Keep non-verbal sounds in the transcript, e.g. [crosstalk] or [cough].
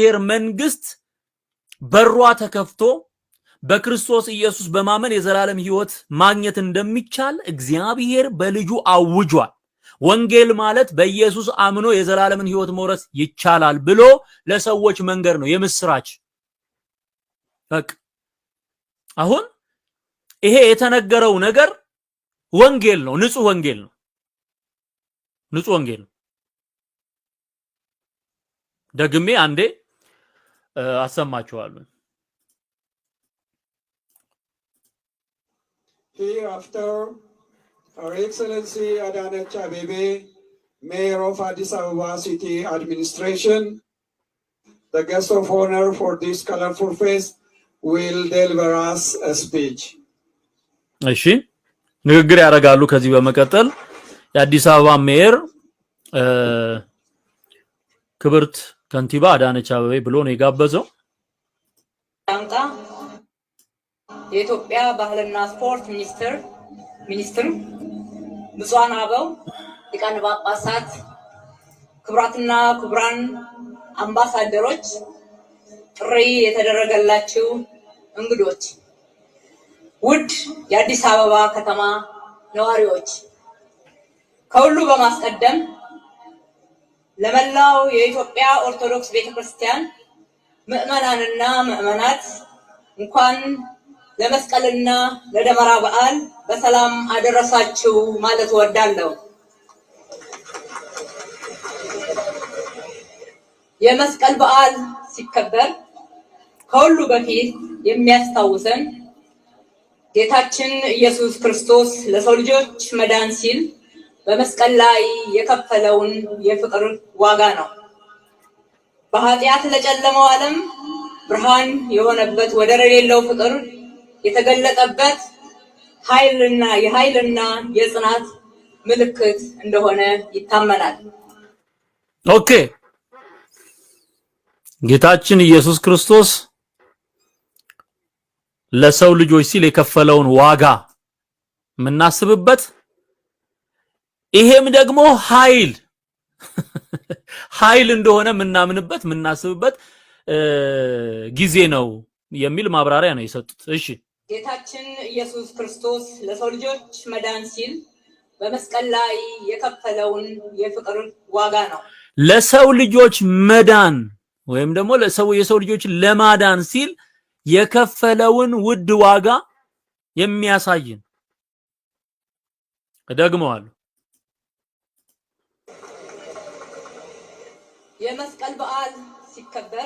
የእግዚአብሔር መንግስት በሯ ተከፍቶ በክርስቶስ ኢየሱስ በማመን የዘላለም ህይወት ማግኘት እንደሚቻል እግዚአብሔር በልጁ አውጇል። ወንጌል ማለት በኢየሱስ አምኖ የዘላለምን ህይወት መውረስ ይቻላል ብሎ ለሰዎች መንገር ነው፣ የምስራች። በቃ አሁን ይሄ የተነገረው ነገር ወንጌል ነው፣ ንጹህ ወንጌል ነው፣ ንጹህ ወንጌል ነው። ደግሜ አንዴ አሰማችኋለሁ። ሄርአፍተር ሄር ኤክሰለንሲ አዳነች አቤቤ ሜየር ኦፍ አዲስ አበባ ሲቲ አድሚኒስትሬሽን ዘ ጌስት ኦፍ ኦነር ፎር ዲስ ከለርፉል ፌስት ዊል ዴሊቨር አስ ስፒች። እሺ ንግግር ያደርጋሉ። ከዚህ በመቀጠል የአዲስ አበባ ሜየር ክብርት ከንቲባ አዳነች አበቤ ብሎ ነው የጋበዘው። ዳምጣ የኢትዮጵያ ባህልና ስፖርት ሚኒስትር ሚኒስትር ብፁዓን አበው ሊቃነ ጳጳሳት፣ ክቡራትና ክቡራን አምባሳደሮች፣ ጥሪ የተደረገላችሁ እንግዶች፣ ውድ የአዲስ አበባ ከተማ ነዋሪዎች ከሁሉ በማስቀደም ለመላው የኢትዮጵያ ኦርቶዶክስ ቤተክርስቲያን ምዕመናንና ምዕመናት እንኳን ለመስቀልና ለደመራ በዓል በሰላም አደረሳችሁ ማለት እወዳለሁ። የመስቀል በዓል ሲከበር ከሁሉ በፊት የሚያስታውሰን ጌታችን ኢየሱስ ክርስቶስ ለሰው ልጆች መዳን ሲል በመስቀል ላይ የከፈለውን የፍቅር ዋጋ ነው። በኃጢአት ለጨለመው ዓለም ብርሃን የሆነበት ወደር የሌለው ፍቅር የተገለጠበት ኃይልና የኃይልና የጽናት ምልክት እንደሆነ ይታመናል። ኦኬ ጌታችን ኢየሱስ ክርስቶስ ለሰው ልጆች ሲል የከፈለውን ዋጋ የምናስብበት ይሄም ደግሞ ኃይል [laughs] ኃይል እንደሆነ የምናምንበት የምናስብበት ጊዜ ነው የሚል ማብራሪያ ነው የሰጡት። እሺ ጌታችን ኢየሱስ ክርስቶስ ለሰው ልጆች መዳን ሲል በመስቀል ላይ የከፈለውን የፍቅር ዋጋ ነው። ለሰው ልጆች መዳን ወይም ደግሞ ለሰው የሰው ልጆች ለማዳን ሲል የከፈለውን ውድ ዋጋ የሚያሳይ ነው። የመስቀል በዓል ሲከበር